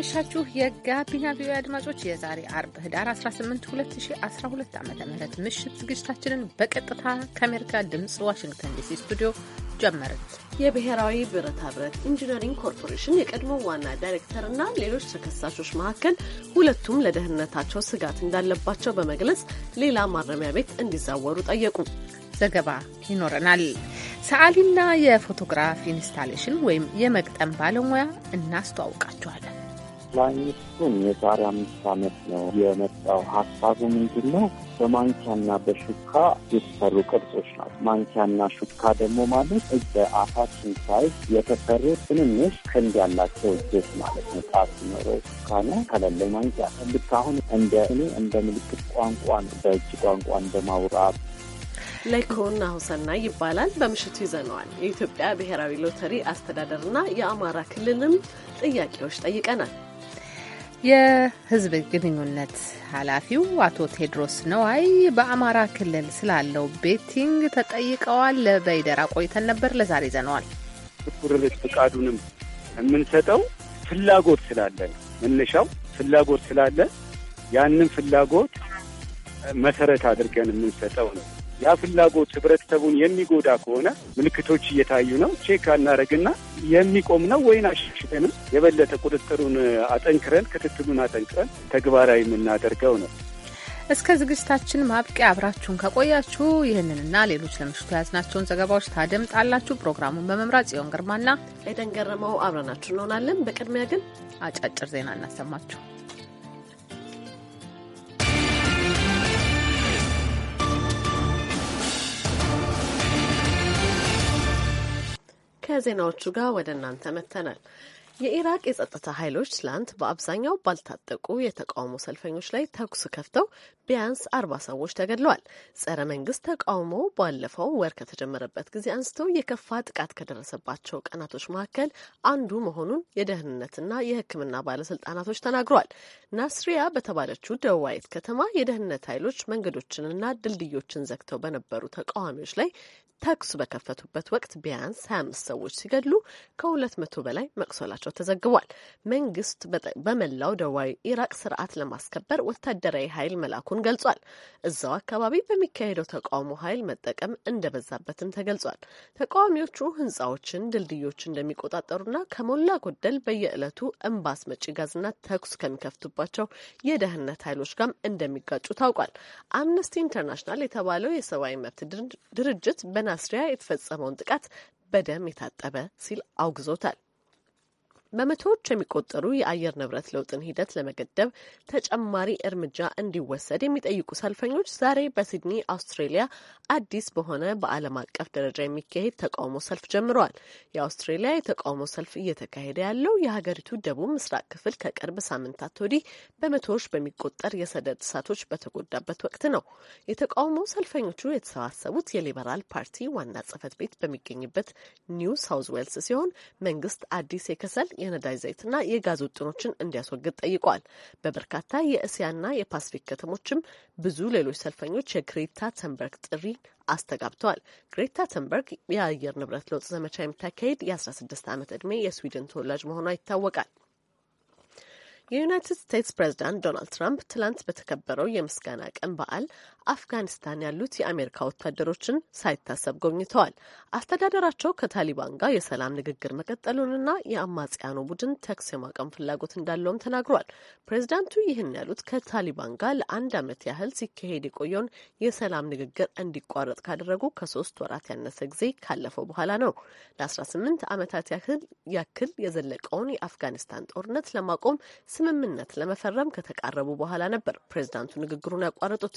እንደምናመሻችሁ የጋቢና ቪዮ አድማጮች የዛሬ አርብ ህዳር 18 2012 ዓ ም ምሽት ዝግጅታችንን በቀጥታ ከአሜሪካ ድምፅ ዋሽንግተን ዲሲ ስቱዲዮ ጀመርን። የብሔራዊ ብረታ ብረት ኢንጂነሪንግ ኮርፖሬሽን የቀድሞ ዋና ዳይሬክተር እና ሌሎች ተከሳሾች መካከል ሁለቱም ለደህንነታቸው ስጋት እንዳለባቸው በመግለጽ ሌላ ማረሚያ ቤት እንዲዛወሩ ጠየቁ። ዘገባ ይኖረናል። ሰዓሊና የፎቶግራፍ ኢንስታሌሽን ወይም የመግጠም ባለሙያ እናስተዋውቃችኋለን። ጠቅላይ ሚኒስትሩን የዛሬ አምስት ዓመት ነው የመጣው። ሀሳቡ ምንድን ነው? በማንኪያና በሹካ የተሰሩ ቅርጾች ናቸው። ማንኪያና ሹካ ደግሞ ማለት አፋችን ሳይዝ የተሰሩ ትንንሽ ክንድ ያላቸው እጆች ማለት ነው። ጣት ሲኖረው ሹካ ነው፣ ከሌለው ማንኪያ። ልክ አሁን እንደ እኔ እንደ ምልክት ቋንቋ ነው፣ በእጅ ቋንቋ እንደ በማውራት ለይኮና ሁሰና ይባላል። በምሽቱ ይዘነዋል። የኢትዮጵያ ብሔራዊ ሎተሪ አስተዳደርና የአማራ ክልልም ጥያቄዎች ጠይቀናል። የህዝብ ግንኙነት ኃላፊው አቶ ቴድሮስ ነዋይ በአማራ ክልል ስላለው ቤቲንግ ተጠይቀዋል። ለበይደራ ቆይተን ነበር። ለዛሬ ይዘነዋል። እኩርቤት ፍቃዱንም የምንሰጠው ፍላጎት ስላለ መነሻው ፍላጎት ስላለ ያንን ፍላጎት መሰረት አድርገን የምንሰጠው ነው። ያ ፍላጎት ህብረተሰቡን የሚጎዳ ከሆነ ምልክቶች እየታዩ ነው። ቼክ አናረግና የሚቆም ነው ወይን አሻሽተንም የበለጠ ቁጥጥሩን አጠንክረን ክትትሉን አጠንክረን ተግባራዊ የምናደርገው ነው። እስከ ዝግጅታችን ማብቂያ አብራችሁን ከቆያችሁ ይህንንና ሌሎች ለምሽቱ የያዝናቸውን ዘገባዎች ታደምጣላችሁ። ፕሮግራሙን በመምራት ጽዮን ግርማና ኤደን ገረመው አብረናችሁ እንሆናለን። በቅድሚያ ግን አጫጭር ዜና እናሰማችሁ። ከዜናዎቹ ጋር ወደ እናንተ መጥተናል። የኢራቅ የጸጥታ ኃይሎች ትላንት በአብዛኛው ባልታጠቁ የተቃውሞ ሰልፈኞች ላይ ተኩስ ከፍተው ቢያንስ አርባ ሰዎች ተገድለዋል። ጸረ መንግስት ተቃውሞ ባለፈው ወር ከተጀመረበት ጊዜ አንስቶ የከፋ ጥቃት ከደረሰባቸው ቀናቶች መካከል አንዱ መሆኑን የደህንነትና የሕክምና ባለስልጣናቶች ተናግረዋል። ናስሪያ በተባለችው ደዋይት ከተማ የደህንነት ኃይሎች መንገዶችንና ድልድዮችን ዘግተው በነበሩ ተቃዋሚዎች ላይ ተኩስ በከፈቱበት ወቅት ቢያንስ 25 ሰዎች ሲገድሉ ከሁለት መቶ በላይ መቁሰላቸው መሆናቸው ተዘግቧል። መንግስት በመላው ደቡባዊ ኢራቅ ስርዓት ለማስከበር ወታደራዊ ኃይል መላኩን ገልጿል። እዛው አካባቢ በሚካሄደው ተቃውሞ ኃይል መጠቀም እንደበዛበትም ተገልጿል። ተቃዋሚዎቹ ህንጻዎችን፣ ድልድዮች እንደሚቆጣጠሩና ከሞላ ጎደል በየዕለቱ እምባ አስመጪ ጋዝና ተኩስ ከሚከፍቱባቸው የደህንነት ኃይሎች ጋርም እንደሚጋጩ ታውቋል። አምነስቲ ኢንተርናሽናል የተባለው የሰብአዊ መብት ድርጅት በናስሪያ የተፈጸመውን ጥቃት በደም የታጠበ ሲል አውግዞታል። በመቶዎች የሚቆጠሩ የአየር ንብረት ለውጥን ሂደት ለመገደብ ተጨማሪ እርምጃ እንዲወሰድ የሚጠይቁ ሰልፈኞች ዛሬ በሲድኒ አውስትሬሊያ አዲስ በሆነ በዓለም አቀፍ ደረጃ የሚካሄድ ተቃውሞ ሰልፍ ጀምረዋል። የአውስትሬሊያ የተቃውሞ ሰልፍ እየተካሄደ ያለው የሀገሪቱ ደቡብ ምስራቅ ክፍል ከቅርብ ሳምንታት ወዲህ በመቶዎች በሚቆጠር የሰደድ እሳቶች በተጎዳበት ወቅት ነው። የተቃውሞ ሰልፈኞቹ የተሰባሰቡት የሊበራል ፓርቲ ዋና ጽህፈት ቤት በሚገኝበት ኒው ሳውዝ ዌልስ ሲሆን መንግስት አዲስ የከሰል የነዳጅ ዘይትና የጋዝ ውጥኖችን እንዲያስወግድ ጠይቋል። በበርካታ የእስያና የፓስፊክ ከተሞችም ብዙ ሌሎች ሰልፈኞች የግሬታ ተንበርግ ጥሪ አስተጋብተዋል። ግሬታ ተንበርግ የአየር ንብረት ለውጥ ዘመቻ የምታካሄድ የ16 ዓመት ዕድሜ የስዊድን ተወላጅ መሆኗ ይታወቃል። የዩናይትድ ስቴትስ ፕሬዚዳንት ዶናልድ ትራምፕ ትላንት በተከበረው የምስጋና ቀን በዓል አፍጋኒስታን ያሉት የአሜሪካ ወታደሮችን ሳይታሰብ ጎብኝተዋል። አስተዳደራቸው ከታሊባን ጋር የሰላም ንግግር መቀጠሉንና የአማጽያኑ ቡድን ተኩስ የማቆም ፍላጎት እንዳለውም ተናግሯል። ፕሬዚዳንቱ ይህን ያሉት ከታሊባን ጋር ለአንድ ዓመት ያህል ሲካሄድ የቆየውን የሰላም ንግግር እንዲቋረጥ ካደረጉ ከሶስት ወራት ያነሰ ጊዜ ካለፈው በኋላ ነው። ለ18 ዓመታት ያክል የዘለቀውን የአፍጋኒስታን ጦርነት ለማቆም ስምምነት ለመፈረም ከተቃረቡ በኋላ ነበር ፕሬዚዳንቱ ንግግሩን ያቋረጡት።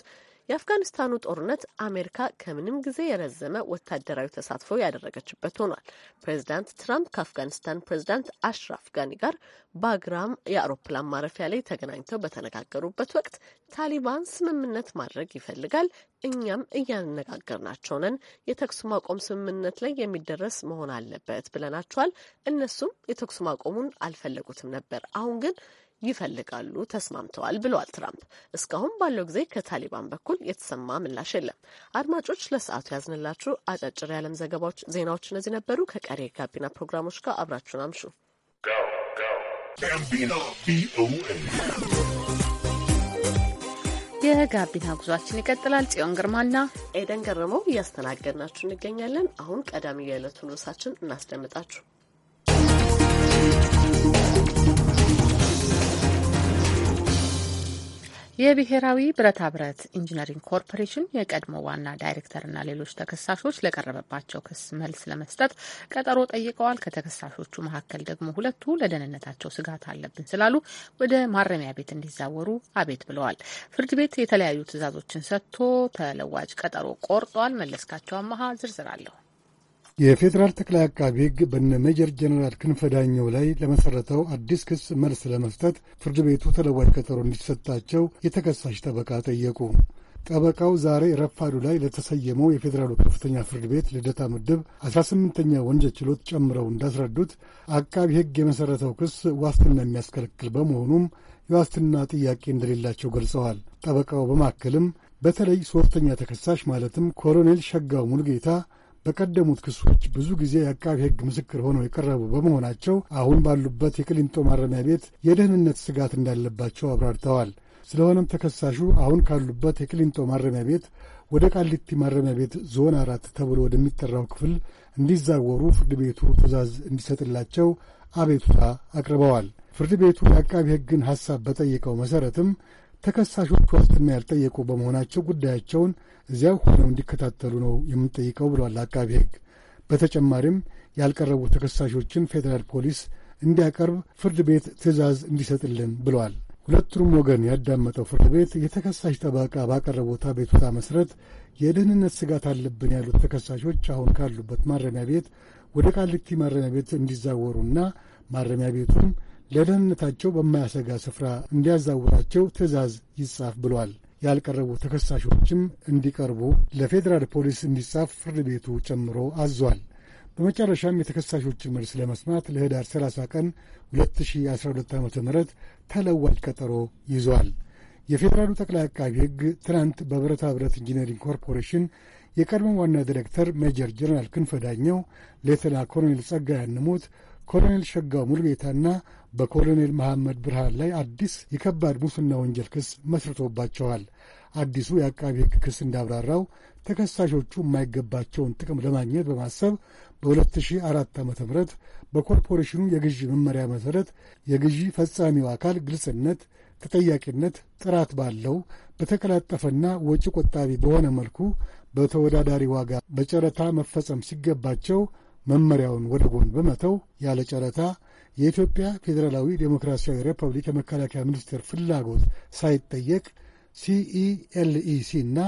የአፍጋኒስታኑ ጦርነት አሜሪካ ከምንም ጊዜ የረዘመ ወታደራዊ ተሳትፎ ያደረገችበት ሆኗል። ፕሬዚዳንት ትራምፕ ከአፍጋኒስታን ፕሬዚዳንት አሽራፍ ጋኒ ጋር ባግራም የአውሮፕላን ማረፊያ ላይ ተገናኝተው በተነጋገሩበት ወቅት ታሊባን ስምምነት ማድረግ ይፈልጋል፣ እኛም እያነጋገርናቸው ነን፣ የተኩስ ማቆም ስምምነት ላይ የሚደረስ መሆን አለበት ብለናቸዋል። እነሱም የተኩስ ማቆሙን አልፈለጉትም ነበር። አሁን ግን ይፈልጋሉ ተስማምተዋል ብለዋል ትራምፕ። እስካሁን ባለው ጊዜ ከታሊባን በኩል የተሰማ ምላሽ የለም። አድማጮች ለሰዓቱ ያዝንላችሁ አጫጭር የዓለም ዘገባዎች ዜናዎች እነዚህ ነበሩ። ከቀሪ ጋቢና ፕሮግራሞች ጋር አብራችሁን አምሹ። የጋቢና ጉዟችን ይቀጥላል። ጽዮን ግርማና ኤደን ገረመው እያስተናገድናችሁ እንገኛለን። አሁን ቀዳሚ የዕለቱን ርዕሳችን እናስደምጣችሁ። የብሔራዊ ብረታ ብረት ኢንጂነሪንግ ኮርፖሬሽን የቀድሞ ዋና ዳይሬክተርና ሌሎች ተከሳሾች ለቀረበባቸው ክስ መልስ ለመስጠት ቀጠሮ ጠይቀዋል። ከተከሳሾቹ መካከል ደግሞ ሁለቱ ለደህንነታቸው ስጋት አለብን ስላሉ ወደ ማረሚያ ቤት እንዲዛወሩ አቤት ብለዋል። ፍርድ ቤት የተለያዩ ትዕዛዞችን ሰጥቶ ተለዋጭ ቀጠሮ ቆርጧል። መለስካቸው አመሀ ዝርዝር አለሁ የፌዴራል ጠቅላይ አቃቢ ሕግ በነ ሜጀር ጀኔራል ክንፈ ዳኘው ላይ ለመሠረተው አዲስ ክስ መልስ ለመስጠት ፍርድ ቤቱ ተለዋጭ ቀጠሮ እንዲሰጣቸው የተከሳሽ ጠበቃ ጠየቁ። ጠበቃው ዛሬ ረፋዱ ላይ ለተሰየመው የፌዴራሉ ከፍተኛ ፍርድ ቤት ልደታ ምድብ 18ኛ ወንጀል ችሎት ጨምረው እንዳስረዱት አቃቢ ሕግ የመሠረተው ክስ ዋስትና የሚያስከለክል በመሆኑም የዋስትና ጥያቄ እንደሌላቸው ገልጸዋል። ጠበቃው በማከልም በተለይ ሦስተኛ ተከሳሽ ማለትም ኮሎኔል ሸጋው ሙልጌታ በቀደሙት ክሶች ብዙ ጊዜ የአቃቢ ሕግ ምስክር ሆነው የቀረቡ በመሆናቸው አሁን ባሉበት የቅሊንጦ ማረሚያ ቤት የደህንነት ስጋት እንዳለባቸው አብራርተዋል። ስለሆነም ተከሳሹ አሁን ካሉበት የቅሊንጦ ማረሚያ ቤት ወደ ቃሊቲ ማረሚያ ቤት ዞን አራት ተብሎ ወደሚጠራው ክፍል እንዲዛወሩ ፍርድ ቤቱ ትዕዛዝ እንዲሰጥላቸው አቤቱታ አቅርበዋል። ፍርድ ቤቱ የአቃቢ ሕግን ሐሳብ በጠየቀው መሠረትም ተከሳሾቹ ዋስትና ያልጠየቁ በመሆናቸው ጉዳያቸውን እዚያው ሆነው እንዲከታተሉ ነው የምንጠይቀው ብሏል አቃቢ ሕግ። በተጨማሪም ያልቀረቡ ተከሳሾችን ፌዴራል ፖሊስ እንዲያቀርብ ፍርድ ቤት ትዕዛዝ እንዲሰጥልን ብለዋል። ሁለቱንም ወገን ያዳመጠው ፍርድ ቤት የተከሳሽ ጠበቃ ባቀረቡት አቤቱታ መሠረት የደህንነት ስጋት አለብን ያሉት ተከሳሾች አሁን ካሉበት ማረሚያ ቤት ወደ ቃሊቲ ማረሚያ ቤት እንዲዛወሩና ማረሚያ ቤቱም ለደህንነታቸው በማያሰጋ ስፍራ እንዲያዛውራቸው ትዕዛዝ ይጻፍ ብሏል። ያልቀረቡ ተከሳሾችም እንዲቀርቡ ለፌዴራል ፖሊስ እንዲጻፍ ፍርድ ቤቱ ጨምሮ አዟል። በመጨረሻም የተከሳሾችን መልስ ለመስማት ለህዳር 30 ቀን 2012 ዓ ም ተለዋጭ ቀጠሮ ይዟል። የፌዴራሉ ጠቅላይ አቃቢ ሕግ ትናንት በብረታ ብረት ኢንጂነሪንግ ኮርፖሬሽን የቀድሞ ዋና ዲሬክተር ሜጀር ጀነራል ክንፈ ዳኘው፣ ሌተና ኮሎኔል ጸጋ ያንሙት ኮሎኔል ሸጋው ሙሉጌታና በኮሎኔል መሐመድ ብርሃን ላይ አዲስ የከባድ ሙስና ወንጀል ክስ መስርቶባቸዋል። አዲሱ የአቃቢ ሕግ ክስ እንዳብራራው ተከሳሾቹ የማይገባቸውን ጥቅም ለማግኘት በማሰብ በ2004 ዓ ም በኮርፖሬሽኑ የግዢ መመሪያ መሠረት የግዢ ፈጻሚው አካል ግልጽነት፣ ተጠያቂነት፣ ጥራት ባለው በተቀላጠፈና ወጪ ቆጣቢ በሆነ መልኩ በተወዳዳሪ ዋጋ በጨረታ መፈጸም ሲገባቸው መመሪያውን ወደ ጎን በመተው ያለ ጨረታ የኢትዮጵያ ፌዴራላዊ ዴሞክራሲያዊ ሪፐብሊክ የመከላከያ ሚኒስቴር ፍላጎት ሳይጠየቅ ሲኢኤልኢሲ እና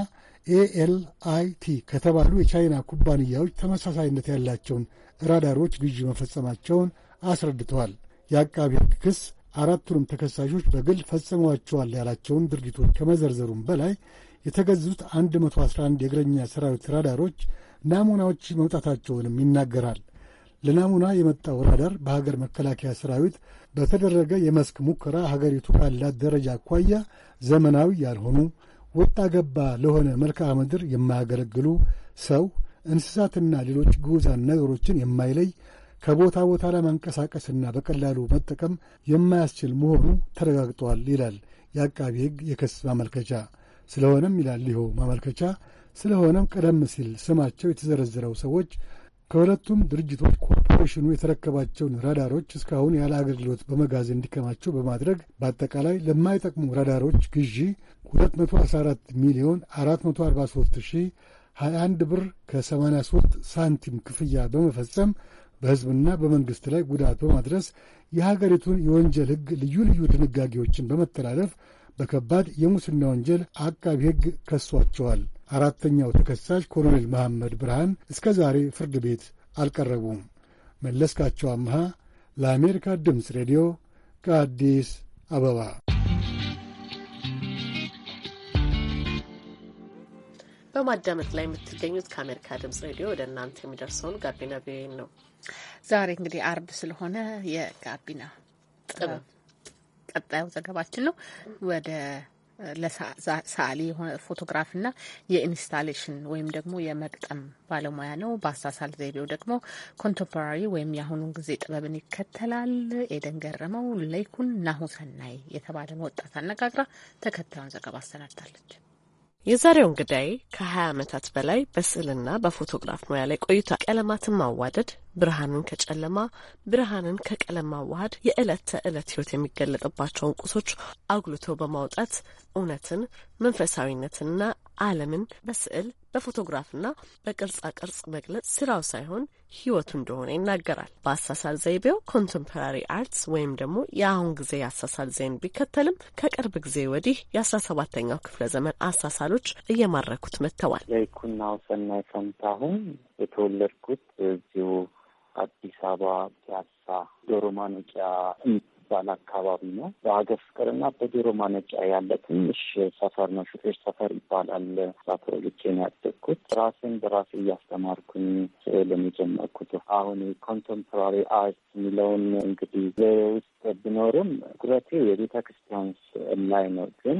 ኤኤልአይቲ ከተባሉ የቻይና ኩባንያዎች ተመሳሳይነት ያላቸውን ራዳሮች ግዢ መፈጸማቸውን አስረድተዋል። የአቃቢ ሕግ ክስ አራቱንም ተከሳሾች በግል ፈጽመዋቸዋል ያላቸውን ድርጊቶች ከመዘርዘሩም በላይ የተገዙት 111 የእግረኛ ሰራዊት ራዳሮች ናሙናዎች መውጣታቸውንም ይናገራል። ለናሙና የመጣው ራዳር በሀገር መከላከያ ሰራዊት በተደረገ የመስክ ሙከራ ሀገሪቱ ካላት ደረጃ አኳያ ዘመናዊ ያልሆኑ ወጣ ገባ ለሆነ መልክዓ ምድር የማያገለግሉ ሰው፣ እንስሳትና ሌሎች ግዑዛን ነገሮችን የማይለይ ከቦታ ቦታ ለማንቀሳቀስና በቀላሉ መጠቀም የማያስችል መሆኑ ተረጋግጠዋል ይላል የአቃቢ ሕግ የክስ ማመልከቻ። ስለሆነም ይላል ይኸው ማመልከቻ ስለሆነም ቀደም ሲል ስማቸው የተዘረዘረው ሰዎች ከሁለቱም ድርጅቶች ኮርፖሬሽኑ የተረከባቸውን ራዳሮች እስካሁን ያለ አገልግሎት በመጋዘን እንዲከማቸው በማድረግ በአጠቃላይ ለማይጠቅሙ ራዳሮች ግዢ 214 ሚሊዮን 21 ብር ከ83 ሳንቲም ክፍያ በመፈጸም በሕዝብና በመንግሥት ላይ ጉዳት በማድረስ የሀገሪቱን የወንጀል ሕግ ልዩ ልዩ ድንጋጌዎችን በመተላለፍ በከባድ የሙስና ወንጀል አቃቢ ሕግ ከሷቸዋል። አራተኛው ተከሳሽ ኮሎኔል መሐመድ ብርሃን እስከ ዛሬ ፍርድ ቤት አልቀረቡም። መለስካቸው አምሃ ለአሜሪካ ድምፅ ሬዲዮ ከአዲስ አበባ በማዳመጥ ላይ የምትገኙት ከአሜሪካ ድምጽ ሬዲዮ ወደ እናንተ የሚደርሰውን ጋቢና ቪኦኤ ነው። ዛሬ እንግዲህ አርብ ስለሆነ የጋቢና ጥበብ ቀጣዩ ዘገባችን ነው። ወደ ለሳሊ የሆነ ፎቶግራፍና የኢንስታሌሽን ወይም ደግሞ የመቅጠም ባለሙያ ነው። በአሳሳል ዘይቤው ደግሞ ኮንቴምፖራሪ ወይም የአሁኑን ጊዜ ጥበብን ይከተላል። ኤደን ገረመው ለይኩን ናሁሰናይ የተባለን ወጣት አነጋግራ ተከታዩን ዘገባ አሰናድታለች። የዛሬው እንግዳዬ ከ20 ዓመታት በላይ በስዕልና በፎቶግራፍ ሙያ ላይ ቆይቷል። ቀለማትን ማዋደድ፣ ብርሃንን ከጨለማ ብርሃንን ከቀለም ማዋሃድ፣ የዕለት ተዕለት ህይወት የሚገለጥባቸውን ቁሶች አጉልቶ በማውጣት እውነትን መንፈሳዊነትንና ዓለምን በስዕል በፎቶግራፍና በቅርጻ ቅርጽ መግለጽ ስራው ሳይሆን ህይወቱ እንደሆነ ይናገራል። በአሳሳል ዘይቤው ኮንቴምፖራሪ አርትስ ወይም ደግሞ የአሁን ጊዜ የአሳሳል ዘይን ቢከተልም ከቅርብ ጊዜ ወዲህ የአስራ ሰባተኛው ክፍለ ዘመን አሳሳሎች እየማረኩት መጥተዋል። ይኩናው ሰናይ ፈንታሁን የተወለድኩት እዚሁ አዲስ አበባ ፒያሳ ዶሮ ማኖቂያ የሚባል አካባቢ ነው። በሀገር ፍቅርና በዶሮ ማነጫ ያለ ትንሽ ሰፈር ነው። ሹፌር ሰፈር ይባላል። ልኬን ያደግኩት ራሴን በራሴ እያስተማርኩኝ ስዕል የሚጀመርኩት አሁን ኮንቴምፖራሪ አርት የሚለውን እንግዲህ ውስጥ ብኖርም ጉረቴ የቤተ ክርስቲያን ስዕል ላይ ነው ግን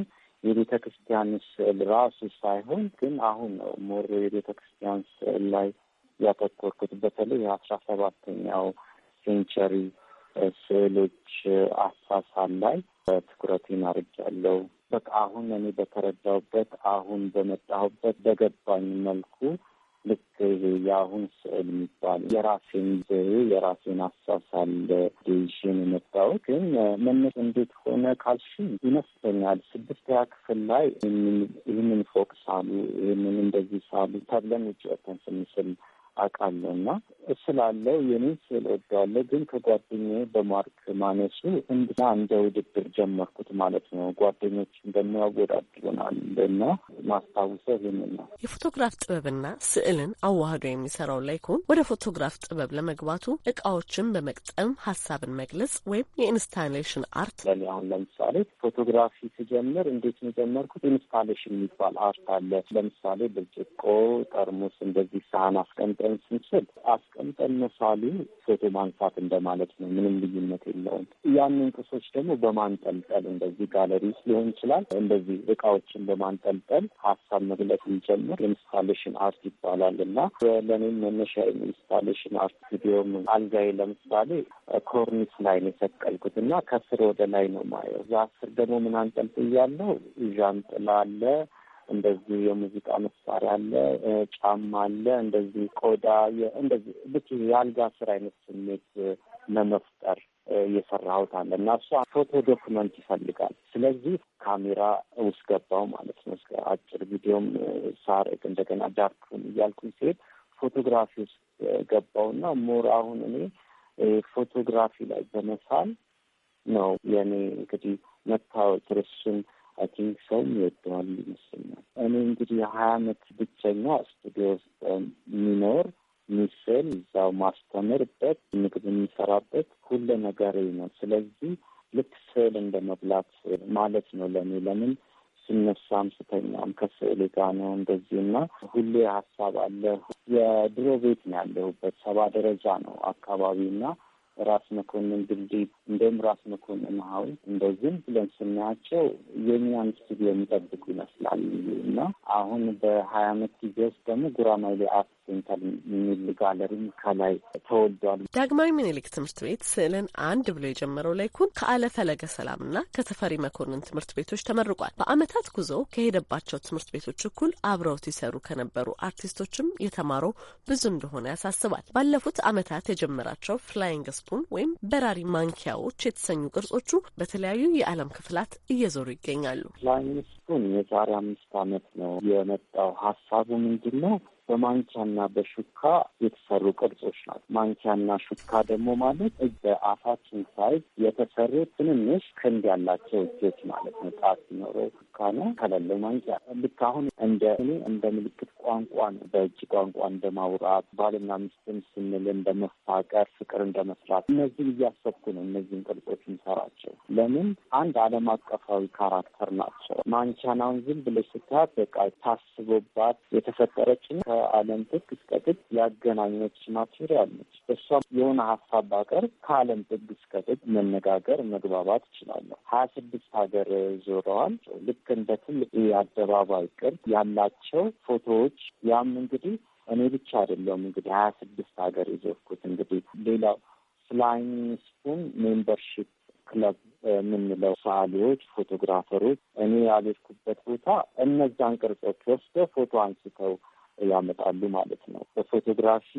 የቤተ ክርስቲያን ስዕል ራሱ ሳይሆን ግን አሁን ነው ሞር የቤተ ክርስቲያን ስዕል ላይ ያተኮርኩት። በተለይ የአስራ ሰባተኛው ሴንቸሪ ስዕሎች አሳሳል ላይ ትኩረቴን አድርጌያለሁ። በቃ አሁን እኔ በተረዳሁበት አሁን በመጣሁበት በገባኝ መልኩ ልክ የአሁን ስዕል የሚባል የራሴን ዘዬ የራሴን አሳሳል ዴሽን የመጣው ግን መነሻ እንዴት ሆነ ካልሽ ይመስለኛል ስድስተኛ ክፍል ላይ ይህንን ፎቅ ሳሉ፣ ይህንን እንደዚህ ሳሉ ተብለን ውጭ ወተን ስንስል አውቃለሁ እና እስላለው የኔ ስል ወደዋለሁ ግን ከጓደኛ በማርክ ማነሱ እንድና እንደ ውድድር ጀመርኩት ማለት ነው። ጓደኞች እንደሚያወዳድሩናል እና ማስታውሰ ይህንን ነው። የፎቶግራፍ ጥበብና ስዕልን አዋህዶ የሚሰራው ላይኮን ወደ ፎቶግራፍ ጥበብ ለመግባቱ እቃዎችን በመቅጠም ሀሳብን መግለጽ ወይም የኢንስታሌሽን አርት ለኔ አሁን ለምሳሌ ፎቶግራፊ ስጀምር እንዴት ነው የጀመርኩት? ኢንስታሌሽን የሚባል አርት አለ። ለምሳሌ ብርጭቆ፣ ጠርሙስ እንደዚህ ሳህን አስቀምጠ ኢትዮጵያን ስንስል አስቀምጠን መሳሉ ፎቶ ማንሳት እንደማለት ነው። ምንም ልዩነት የለውም። ያንን ቅርሶች ደግሞ በማንጠልጠል እንደዚህ ውስጥ ሊሆን ይችላል። እንደዚህ እቃዎችን በማንጠልጠል ሀሳብ መግለጽ እንጀምር። ኢንስታሌሽን አርት ይባላል እና ለእኔም መነሻ ኢንስታሌሽን አርት ቪዲዮም አልጋዬ ለምሳሌ ኮርኒስ ላይ ነው የሰቀልኩት እና ከስር ወደ ላይ ነው ማየው። እዛ ስር ደግሞ ምን አንጠልጥ ያለው ዣንጥላ አለ እንደዚህ የሙዚቃ መሳሪያ አለ፣ ጫማ አለ፣ እንደዚህ ቆዳ እንደዚህ ልክ የአልጋ ስር አይነት ስሜት ለመፍጠር የሰራሁት አለ እና እሷ ፎቶ ዶክመንት ይፈልጋል። ስለዚህ ካሜራ ውስጥ ገባው ማለት ነው። እስከ አጭር ቪዲዮም ሳርቅ እንደገና ዳርክሩም እያልኩኝ ሲሄድ ፎቶግራፊ ውስጥ ገባው እና ሞር አሁን እኔ ፎቶግራፊ ላይ በመሳል ነው የእኔ እንግዲህ መታወቅ ርሱን አይ ቲንክ ሰውም ይወደዋል ይመስለኛል። እኔ እንግዲህ የሀያ አመት ብቸኛ ስቱዲዮ ውስጥ የሚኖር ሚስል እዛው ማስተምርበት፣ ምግብ የሚሰራበት ሁሉ ነገር ነው። ስለዚህ ልክ ስዕል እንደ መብላት ማለት ነው ለእኔ ለምን ስነሳም ስተኛም ከስዕል ጋ ነው እንደዚህ እና ሁሌ ሀሳብ አለ። የድሮ ቤት ነው ያለሁበት ሰባ ደረጃ ነው አካባቢ እና ራስ መኮንን ድልድይ እንደውም ራስ መኮንን ሀውል እንደው ዝም ብለን ስናያቸው የኛን ስል የሚጠብቁ ይመስላል እና አሁን በሀያ አመት ጊዜ ውስጥ ደግሞ ጉራማይሌ አርት ሴንተር የሚል ጋለሪም ከላይ ተወልዷል። ዳግማዊ ምኒልክ ትምህርት ቤት ስዕልን አንድ ብሎ የጀመረው ላይኩን ከአለ ፈለገ ሰላምና ከተፈሪ መኮንን ትምህርት ቤቶች ተመርቋል። በአመታት ጉዞ ከሄደባቸው ትምህርት ቤቶች እኩል አብረውት ይሰሩ ከነበሩ አርቲስቶችም የተማረው ብዙ እንደሆነ ያሳስባል። ባለፉት አመታት የጀመራቸው ፍላይንግ ስፑን ወይም በራሪ ማንኪያዎች የተሰኙ ቅርጾቹ በተለያዩ የዓለም ክፍላት እየዞሩ ይገኛሉ። ላይን ስፑን የዛሬ አምስት ዓመት ነው የመጣው። ሀሳቡ ምንድን ነው? በማንኪያና በሹካ የተሰሩ ቅርጾች ናቸው። ማንኪያና ሹካ ደግሞ ማለት በአፋችን ሳይዝ የተሰሩ ትንንሽ ክንድ ያላቸው እጆች ማለት ነው። ጣት ሲኖረው ሹካና ከሌለው ማንኪያ ልክ አሁን እንደ እኔ እንደ ምልክት ቋንቋን በእጅ ቋንቋ እንደ ማውራት፣ ባልና ሚስትም ስንል እንደ መፋቀር፣ ፍቅር እንደ መስራት እነዚህን እያሰብኩ ነው። እነዚህን ቅርጾች እንሰራቸው ለምን አንድ ዓለም አቀፋዊ ካራክተር ናቸው። ማንኪያን አሁን ዝም ብለሽ ስታት በቃ ታስቦባት የተፈጠረችን ከዓለም ጥግ እስከ ጥግ ያገናኘች ማቴሪያል ነች። እሷም የሆነ ሀሳብ ባቀርብ ከዓለም ጥግ እስከ ጥግ መነጋገር መግባባት ይችላለሁ። ሀያ ስድስት ሀገር ዞረዋል። ልክ እንደ ትልቅ የአደባባይ ቅርብ ያላቸው ፎቶዎች ያም እንግዲህ እኔ ብቻ አይደለሁም እንግዲህ ሀያ ስድስት ሀገር የዞርኩት እንግዲህ ሌላው ፍላይንግ ስፑን ሜምበርሺፕ ክለብ የምንለው ሰዓሊዎች፣ ፎቶግራፈሮች እኔ ያልሄድኩበት ቦታ እነዛን ቅርጾች ወስደ ፎቶ አንስተው ያመጣሉ ማለት ነው። በፎቶግራፊ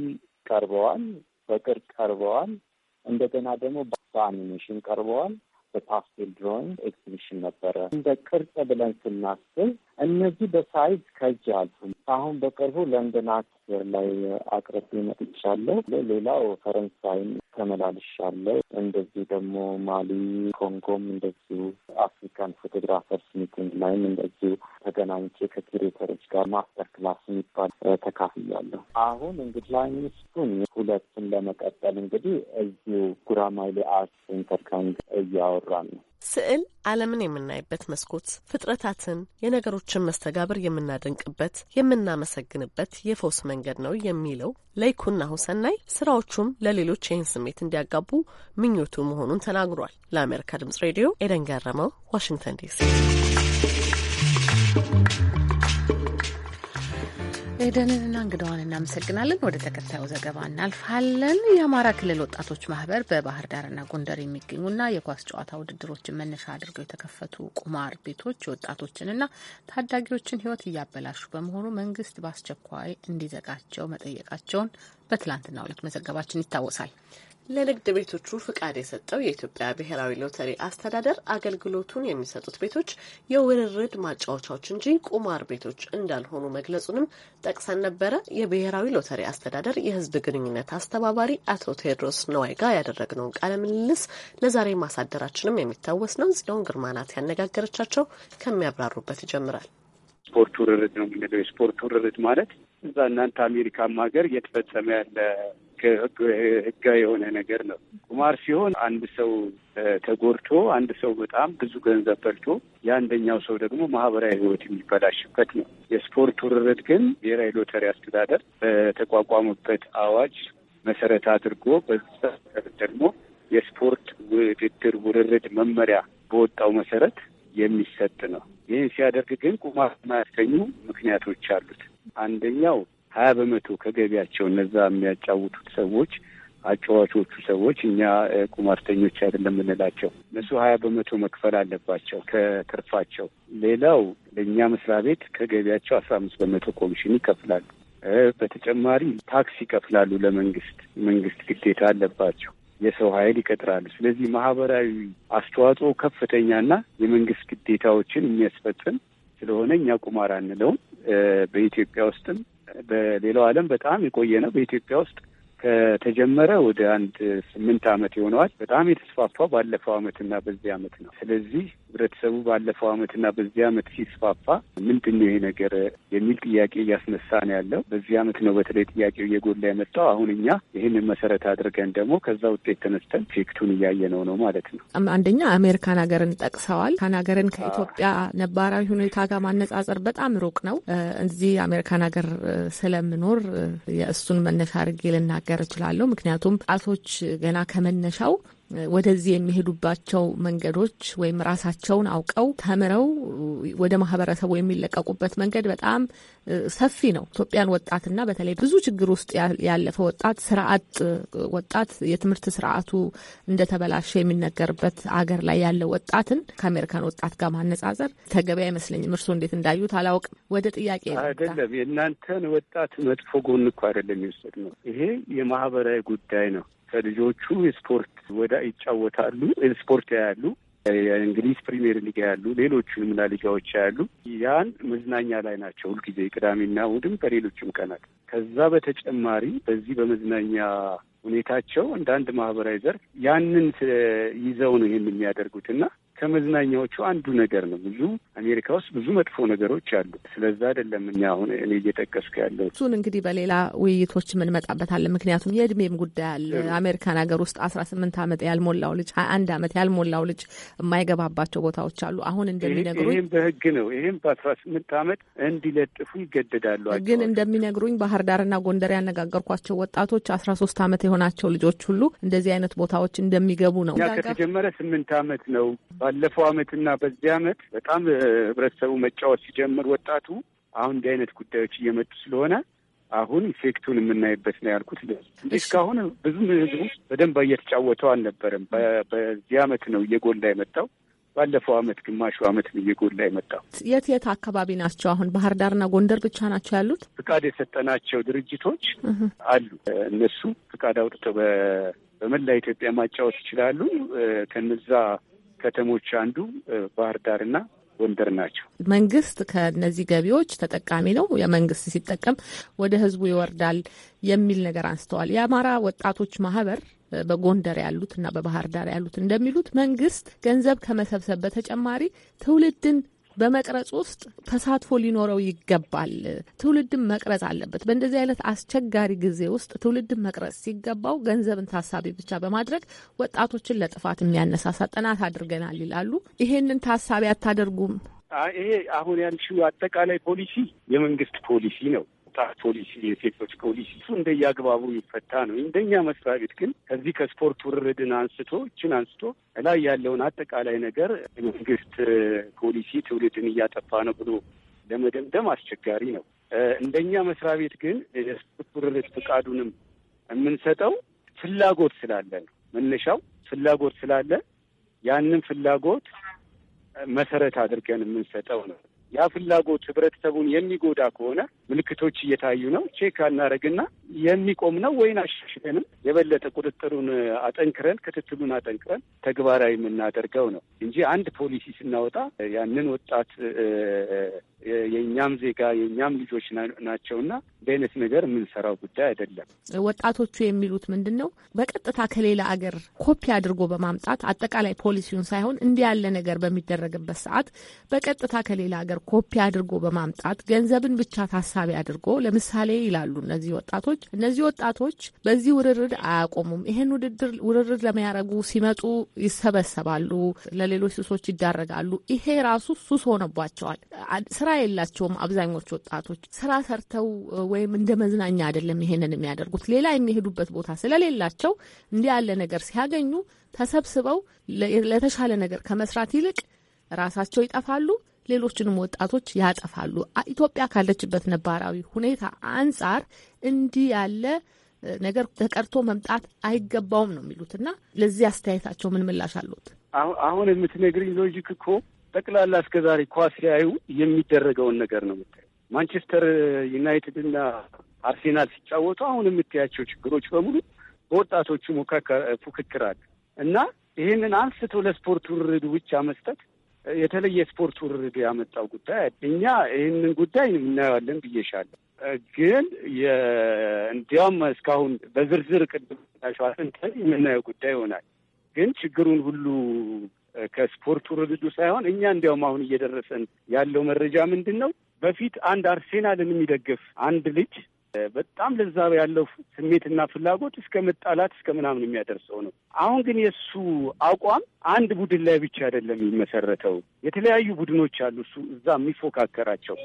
ቀርበዋል፣ በቅርጽ ቀርበዋል፣ እንደገና ደግሞ በአኒሜሽን ቀርበዋል። ፓስቴል ድሮይንግ ኤግዚቢሽን ነበረ። እንደ ቅርጽ ብለን ስናስብ እነዚህ በሳይዝ ከእጅ አልፉም። አሁን በቅርቡ ለንደን አክስር ላይ አቅርቤ መጥቻለሁ። ሌላው ፈረንሳይ ተመላልሻለሁ። እንደዚህ ደግሞ ማሊ፣ ኮንጎም እንደዚሁ አፍሪካን ፎቶግራፈርስ ሚቲንግ ላይም እንደዚሁ ተገናኝቼ ከኪሬተሮች ጋር ማስተር ክላስ የሚባል ተካፍያለሁ። አሁን እንግዲህ ላይንስቱን ሁለቱን ለመቀጠል እንግዲህ እዚሁ ጉራማይሌ አርት ኢንተርካንግ እያወራን ነው። ስዕል ዓለምን የምናይበት መስኮት፣ ፍጥረታትን፣ የነገሮችን መስተጋብር የምናደንቅበት የምናመሰግንበት የፈውስ መንገድ ነው የሚለው ለይኩና ሁሰናይ ስራዎቹም ለሌሎች ይህን ስሜት እንዲያጋቡ ምኞቱ መሆኑን ተናግሯል። ለአሜሪካ ድምጽ ሬዲዮ ኤደን ገረመው፣ ዋሽንግተን ዲሲ ኤደንንና እንግዳዋን እናመሰግናለን። ወደ ተከታዩ ዘገባ እናልፋለን። የአማራ ክልል ወጣቶች ማህበር በባህር ዳርና ጎንደር የሚገኙና የኳስ ጨዋታ ውድድሮችን መነሻ አድርገው የተከፈቱ ቁማር ቤቶች የወጣቶችንና ታዳጊዎችን ሕይወት እያበላሹ በመሆኑ መንግስት በአስቸኳይ እንዲዘጋቸው መጠየቃቸውን በትላንትናው ዕለት መዘገባችን ይታወሳል። ለንግድ ቤቶቹ ፍቃድ የሰጠው የኢትዮጵያ ብሔራዊ ሎተሪ አስተዳደር አገልግሎቱን የሚሰጡት ቤቶች የውርርድ ማጫወቻዎች እንጂ ቁማር ቤቶች እንዳልሆኑ መግለጹንም ጠቅሰን ነበረ። የብሔራዊ ሎተሪ አስተዳደር የሕዝብ ግንኙነት አስተባባሪ አቶ ቴዎድሮስ ነዋይ ጋር ያደረግነውን ቃለ ምልልስ ለዛሬ ማሳደራችንም የሚታወስ ነው። ጽዮን ግርማ ናት ያነጋገረቻቸው። ከሚያብራሩበት ይጀምራል። ስፖርት ውርርድ ነው የምንለው። የስፖርት ውርርድ ማለት እዛ እናንተ አሜሪካም ሀገር እየተፈጸመ ያለ ህጋዊ የሆነ ነገር ነው። ቁማር ሲሆን አንድ ሰው ተጎድቶ አንድ ሰው በጣም ብዙ ገንዘብ በልቶ የአንደኛው ሰው ደግሞ ማህበራዊ ህይወት የሚበላሽበት ነው። የስፖርት ውርርድ ግን ብሔራዊ ሎተሪ አስተዳደር በተቋቋመበት አዋጅ መሰረት አድርጎ በዛ ደግሞ የስፖርት ውድድር ውርርድ መመሪያ በወጣው መሰረት የሚሰጥ ነው። ይህን ሲያደርግ ግን ቁማር የማያሰኙ ምክንያቶች አሉት። አንደኛው ሀያ በመቶ ከገቢያቸው እነዛ የሚያጫውቱት ሰዎች አጫዋቾቹ ሰዎች እኛ ቁማርተኞች አይደለም የምንላቸው እነሱ ሀያ በመቶ መክፈል አለባቸው ከትርፋቸው። ሌላው ለእኛ መስሪያ ቤት ከገቢያቸው አስራ አምስት በመቶ ኮሚሽን ይከፍላሉ። በተጨማሪ ታክስ ይከፍላሉ ለመንግስት። መንግስት ግዴታ አለባቸው። የሰው ኃይል ይቀጥራሉ። ስለዚህ ማህበራዊ አስተዋጽኦ ከፍተኛና የመንግስት ግዴታዎችን የሚያስፈጽም ስለሆነ እኛ ቁማር አንለውም። በኢትዮጵያ ውስጥም በሌላው ዓለም በጣም የቆየ ነው። በኢትዮጵያ ውስጥ ከተጀመረ ወደ አንድ ስምንት ዓመት የሆነዋል። በጣም የተስፋፋ ባለፈው ዓመትና በዚህ ዓመት ነው። ስለዚህ ህብረተሰቡ ባለፈው ዓመትና በዚህ ዓመት ሲስፋፋ ምንድን ነው ይሄ ነገር የሚል ጥያቄ እያስነሳ ነው ያለው። በዚህ ዓመት ነው በተለይ ጥያቄው እየጎላ የመጣው። አሁን እኛ ይህንን መሰረት አድርገን ደግሞ ከዛ ውጤት ተነስተን ፌክቱን እያየ ነው ነው ማለት ነው። አንደኛ አሜሪካን ሀገርን ጠቅሰዋል። ካን ሀገርን ከኢትዮጵያ ነባራዊ ሁኔታ ጋር ማነጻጸር በጣም ሩቅ ነው። እዚህ አሜሪካን ሀገር ስለምኖር የእሱን መነሻ አድርጌ ልናገር እችላለሁ። ምክንያቱም ጣቶች ገና ከመነሻው ወደዚህ የሚሄዱባቸው መንገዶች ወይም ራሳቸውን አውቀው ተምረው ወደ ማህበረሰቡ የሚለቀቁበት መንገድ በጣም ሰፊ ነው። ኢትዮጵያን ወጣትና በተለይ ብዙ ችግር ውስጥ ያለፈ ወጣት ስራ አጥ ወጣት የትምህርት ስርዓቱ እንደተበላሸ የሚነገርበት አገር ላይ ያለው ወጣትን ከአሜሪካን ወጣት ጋር ማነጻጸር ተገቢ አይመስለኝም። እርስዎ እንዴት እንዳዩት አላውቅም። ወደ ጥያቄ አይደለም የእናንተን ወጣት መጥፎ ጎን እኮ አይደለም የሚወሰድ ነው። ይሄ የማህበራዊ ጉዳይ ነው። ከልጆቹ ስፖርት ወዳ ይጫወታሉ፣ ስፖርት ያያሉ፣ የእንግሊዝ ፕሪሚየር ሊግ ያሉ ሌሎቹንም ላሊጋዎች ያሉ ያን መዝናኛ ላይ ናቸው ሁልጊዜ ቅዳሜና እሑድም በሌሎችም ቀናት። ከዛ በተጨማሪ በዚህ በመዝናኛ ሁኔታቸው እንደ አንድ ማህበራዊ ዘርፍ ያንን ይዘው ነው ይህን የሚያደርጉት እና ከመዝናኛዎቹ አንዱ ነገር ነው። ብዙ አሜሪካ ውስጥ ብዙ መጥፎ ነገሮች አሉ። ስለዛ አይደለም እኔ አሁን እኔ እየጠቀስኩ ያለው እሱን እንግዲህ በሌላ ውይይቶች እንመጣበታለን። ምክንያቱም የእድሜም ጉዳይ አለ። አሜሪካን ሀገር ውስጥ አስራ ስምንት ዓመት ያልሞላው ልጅ ሀያ አንድ ዓመት ያልሞላው ልጅ የማይገባባቸው ቦታዎች አሉ። አሁን እንደሚነግሩኝ ይህም በህግ ነው። ይህም በአስራ ስምንት አመት እንዲለጥፉ ይገደዳሉ። ግን እንደሚነግሩኝ ባህር ዳርና ጎንደር ያነጋገርኳቸው ወጣቶች አስራ ሶስት ዓመት የሆናቸው ልጆች ሁሉ እንደዚህ አይነት ቦታዎች እንደሚገቡ ነው። ከተጀመረ ስምንት ዓመት ነው ባለፈው አመትና በዚህ አመት በጣም ህብረተሰቡ መጫወት ሲጀምር ወጣቱ አሁን እንዲህ አይነት ጉዳዮች እየመጡ ስለሆነ አሁን ኢፌክቱን የምናይበት ነው ያልኩት። እስካሁን ብዙም ህዝቡ በደንብ እየተጫወተው አልነበረም። በዚህ አመት ነው እየጎላ የመጣው። ባለፈው አመት ግማሹ አመት ነው እየጎላ የመጣው። የት የት አካባቢ ናቸው? አሁን ባህር ዳርና ጎንደር ብቻ ናቸው ያሉት? ፍቃድ የሰጠናቸው ድርጅቶች አሉ። እነሱ ፍቃድ አውጥተው በመላ ኢትዮጵያ ማጫወት ይችላሉ። ከነዛ ከተሞች አንዱ ባህር ዳርና ጎንደር ናቸው። መንግስት ከነዚህ ገቢዎች ተጠቃሚ ነው። የመንግስት ሲጠቀም ወደ ህዝቡ ይወርዳል የሚል ነገር አንስተዋል። የአማራ ወጣቶች ማህበር በጎንደር ያሉት እና በባህር ዳር ያሉት እንደሚሉት መንግስት ገንዘብ ከመሰብሰብ በተጨማሪ ትውልድን በመቅረጽ ውስጥ ተሳትፎ ሊኖረው ይገባል። ትውልድም መቅረጽ አለበት። በእንደዚህ አይነት አስቸጋሪ ጊዜ ውስጥ ትውልድም መቅረጽ ሲገባው ገንዘብን ታሳቢ ብቻ በማድረግ ወጣቶችን ለጥፋት የሚያነሳሳ ጥናት አድርገናል ይላሉ። ይሄንን ታሳቢ አታደርጉም? ይሄ አሁን ያልሽው አጠቃላይ ፖሊሲ የመንግስት ፖሊሲ ነው። የወጣት ፖሊሲ፣ የሴቶች ፖሊሲ እሱ እንደየአግባቡ ይፈታ ነው። እንደኛ መስሪያ ቤት ግን ከዚህ ከስፖርት ውርርድን አንስቶ እችን አንስቶ ላይ ያለውን አጠቃላይ ነገር የመንግስት ፖሊሲ ትውልድን እያጠፋ ነው ብሎ ለመደምደም አስቸጋሪ ነው። እንደኛ መስሪያ ቤት ግን የስፖርት ውርርድ ፍቃዱንም የምንሰጠው ፍላጎት ስላለ ነው። መነሻው ፍላጎት ስላለ ያንን ፍላጎት መሰረት አድርገን የምንሰጠው ነው። ያ ፍላጎት ህብረተሰቡን የሚጎዳ ከሆነ ምልክቶች እየታዩ ነው። ቼክ አናረግና የሚቆም ነው ወይን አሻሽለንም የበለጠ ቁጥጥሩን አጠንክረን ክትትሉን አጠንክረን ተግባራዊ የምናደርገው ነው እንጂ አንድ ፖሊሲ ስናወጣ ያንን ወጣት የእኛም ዜጋ የእኛም ልጆች ናቸውና በአይነት ነገር የምንሰራው ጉዳይ አይደለም። ወጣቶቹ የሚሉት ምንድን ነው? በቀጥታ ከሌላ አገር ኮፒ አድርጎ በማምጣት አጠቃላይ ፖሊሲውን ሳይሆን እንዲህ ያለ ነገር በሚደረግበት ሰዓት በቀጥታ ከሌላ አገር ኮፒ አድርጎ በማምጣት ገንዘብን ብቻ ታሳቢ አድርጎ ለምሳሌ ይላሉ እነዚህ ወጣቶች እነዚህ ወጣቶች በዚህ ውርርድ አያቆሙም። ይህን ውድድር ውርርድ ለሚያረጉ ሲመጡ ይሰበሰባሉ፣ ለሌሎች ሱሶች ይዳረጋሉ። ይሄ ራሱ ሱስ ሆነባቸዋል። ስራ የላቸውም። አብዛኞቹ ወጣቶች ስራ ሰርተው ወይም እንደ መዝናኛ አይደለም ይሄንን የሚያደርጉት። ሌላ የሚሄዱበት ቦታ ስለሌላቸው እንዲህ ያለ ነገር ሲያገኙ ተሰብስበው ለተሻለ ነገር ከመስራት ይልቅ ራሳቸው ይጠፋሉ፣ ሌሎችንም ወጣቶች ያጠፋሉ። ኢትዮጵያ ካለችበት ነባራዊ ሁኔታ አንጻር እንዲህ ያለ ነገር ተቀርቶ መምጣት አይገባውም ነው የሚሉት እና ለዚህ አስተያየታቸው ምን ምላሽ አሉት? አሁን የምትነግርኝ ሎጂክ እኮ ጠቅላላ ዛሬ ኳስ ሲያዩ የሚደረገውን ነገር ነው የምታየው። ማንቸስተር ዩናይትድ እና አርሴናል ሲጫወቱ አሁን የምታያቸው ችግሮች በሙሉ በወጣቶቹ ፉክክር አለ እና ይህንን አንስቶ ለስፖርት ውርድ ብቻ መስጠት የተለየ ስፖርት ውርድ ያመጣው ጉዳይ እኛ ይህንን ጉዳይ እናየዋለን ብዬሻለሁ። ግን እንዲያውም እስካሁን በዝርዝር ቅድም ሸዋስንተን የምናየው ጉዳይ ይሆናል። ግን ችግሩን ሁሉ ከስፖርቱ ርድዱ ሳይሆን እኛ እንዲያውም አሁን እየደረሰን ያለው መረጃ ምንድን ነው? በፊት አንድ አርሴናልን የሚደግፍ አንድ ልጅ በጣም ለዛ ያለው ስሜትና ፍላጎት እስከ መጣላት እስከ ምናምን የሚያደርሰው ነው። አሁን ግን የእሱ አቋም አንድ ቡድን ላይ ብቻ አይደለም የሚመሰረተው። የተለያዩ ቡድኖች አሉ፣ እሱ እዛ የሚፎካከራቸው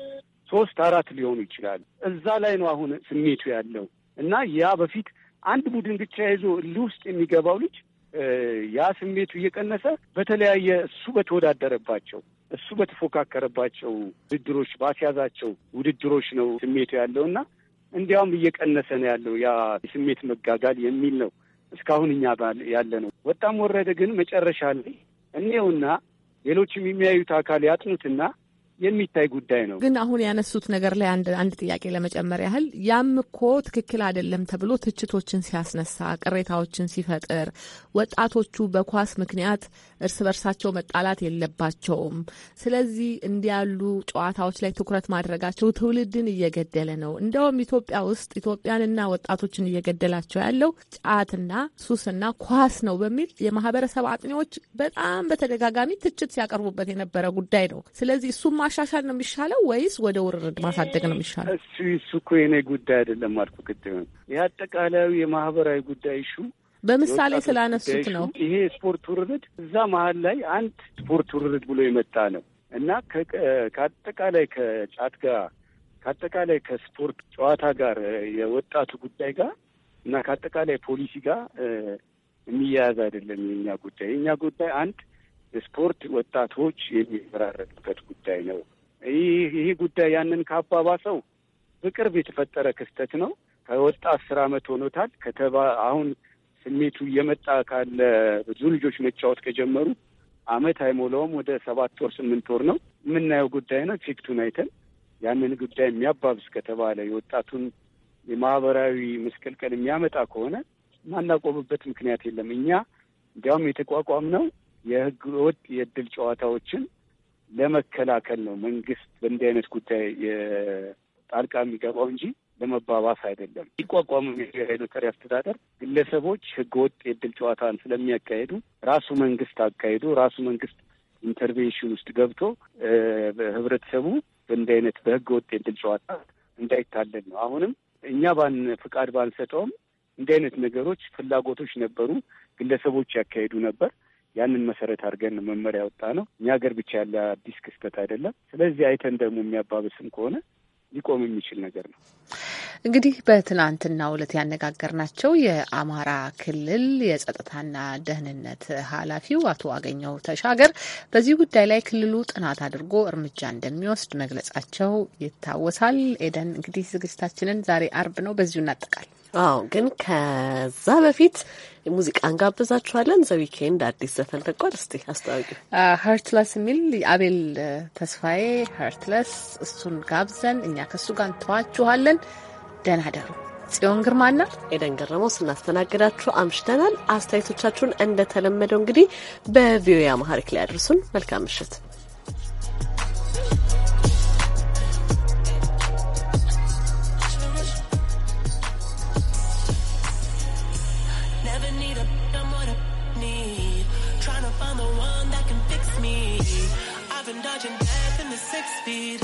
ሶስት አራት ሊሆኑ ይችላሉ። እዛ ላይ ነው አሁን ስሜቱ ያለው እና ያ በፊት አንድ ቡድን ብቻ ይዞ ልውስጥ የሚገባው ልጅ ያ ስሜቱ እየቀነሰ በተለያየ እሱ በተወዳደረባቸው እሱ በተፎካከረባቸው ውድድሮች ባስያዛቸው ውድድሮች ነው ስሜቱ ያለው እና እንዲያውም እየቀነሰ ነው ያለው ያ የስሜት መጋጋል የሚል ነው እስካሁን እኛ ያለ ነው። ወጣም ወረደ ግን መጨረሻ ላይ እኔውና ሌሎችም የሚያዩት አካል ያጥኑትና የሚታይ ጉዳይ ነው። ግን አሁን ያነሱት ነገር ላይ አንድ ጥያቄ ለመጨመር ያህል ያም እኮ ትክክል አይደለም ተብሎ ትችቶችን ሲያስነሳ፣ ቅሬታዎችን ሲፈጥር ወጣቶቹ በኳስ ምክንያት እርስ በርሳቸው መጣላት የለባቸውም። ስለዚህ እንዲያሉ ጨዋታዎች ላይ ትኩረት ማድረጋቸው ትውልድን እየገደለ ነው። እንዲያውም ኢትዮጵያ ውስጥ ኢትዮጵያንና ወጣቶችን እየገደላቸው ያለው ጫትና ሱስና ኳስ ነው በሚል የማህበረሰብ አጥኚዎች በጣም በተደጋጋሚ ትችት ሲያቀርቡበት የነበረ ጉዳይ ነው። ስለዚህ እሱማ ማሻሻል ነው የሚሻለው ወይስ ወደ ውርርድ ማሳደግ ነው የሚሻለው? እሱ እሱ እኮ የኔ ጉዳይ አይደለም አልኩ። ቅድም የአጠቃላዩ የማህበራዊ ጉዳይ ሹ በምሳሌ ስላነሱት ነው። ይሄ ስፖርት ውርርድ እዛ መሀል ላይ አንድ ስፖርት ውርርድ ብሎ የመጣ ነው እና ከአጠቃላይ ከጫት ጋር ከአጠቃላይ ከስፖርት ጨዋታ ጋር የወጣቱ ጉዳይ ጋር እና ከአጠቃላይ ፖሊሲ ጋር የሚያያዝ አይደለም የእኛ ጉዳይ። የእኛ ጉዳይ አንድ ስፖርት ወጣቶች የሚመራረጡበት ጉዳይ ነው። ይህ ይህ ጉዳይ ያንን ካባባሰው በቅርብ የተፈጠረ ክስተት ነው። ከወጣ አስር አመት ሆኖታል። ከተባ አሁን ስሜቱ እየመጣ ካለ ብዙ ልጆች መጫወት ከጀመሩ አመት አይሞላውም። ወደ ሰባት ወር ስምንት ወር ነው የምናየው ጉዳይ ነው። ፊክቱን አይተን ያንን ጉዳይ የሚያባብስ ከተባለ የወጣቱን የማህበራዊ መስቀልቀል የሚያመጣ ከሆነ ማናቆምበት ምክንያት የለም። እኛ እንዲያውም የተቋቋም ነው የህግ ወጥ የእድል ጨዋታዎችን ለመከላከል ነው መንግስት በእንዲህ አይነት ጉዳይ ጣልቃ የሚገባው እንጂ ለመባባስ አይደለም። ሊቋቋሙ የብሔራዊ ሎተሪ አስተዳደር ግለሰቦች ህገወጥ የእድል ጨዋታን ስለሚያካሄዱ ራሱ መንግስት አካሄዱ ራሱ መንግስት ኢንተርቬንሽን ውስጥ ገብቶ ህብረተሰቡ በእንዲህ አይነት በህገ ወጥ የእድል ጨዋታ እንዳይታለል ነው። አሁንም እኛ ባን ፍቃድ ባንሰጠውም እንዲህ አይነት ነገሮች ፍላጎቶች ነበሩ፣ ግለሰቦች ያካሄዱ ነበር። ያንን መሰረት አድርገን መመሪያ ያወጣ ነው። እኛ ሀገር ብቻ ያለ አዲስ ክስተት አይደለም። ስለዚህ አይተን ደግሞ የሚያባብስም ከሆነ ሊቆም የሚችል ነገር ነው። እንግዲህ በትናንትናው ዕለት ያነጋገርናቸው የአማራ ክልል የጸጥታና ደህንነት ኃላፊው አቶ አገኘው ተሻገር በዚህ ጉዳይ ላይ ክልሉ ጥናት አድርጎ እርምጃ እንደሚወስድ መግለጻቸው ይታወሳል። ኤደን፣ እንግዲህ ዝግጅታችንን ዛሬ አርብ ነው በዚሁ እናጠቃል። አዎ፣ ግን ከዛ በፊት ሙዚቃን እንጋብዛችኋለን። ዘ ዊኬንድ አዲስ ዘፈን ተቋል እስቲ አስታዋቂ ሀርትለስ የሚል አቤል ተስፋዬ ሀርትለስ፣ እሱን ጋብዘን እኛ ከሱ ጋር እንተዋችኋለን። ደህና ደሩ። ጽዮን ግርማና ኤደን ገረመው ስናስተናግዳችሁ አምሽተናል። አስተያየቶቻችሁን እንደተለመደው እንግዲህ በቪኦኤ አማሪክ ላይ አድርሱን። መልካም ምሽት። six feet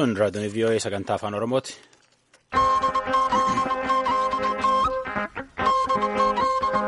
sun raadiyoon VOA e sagantaa afaan Oromooti.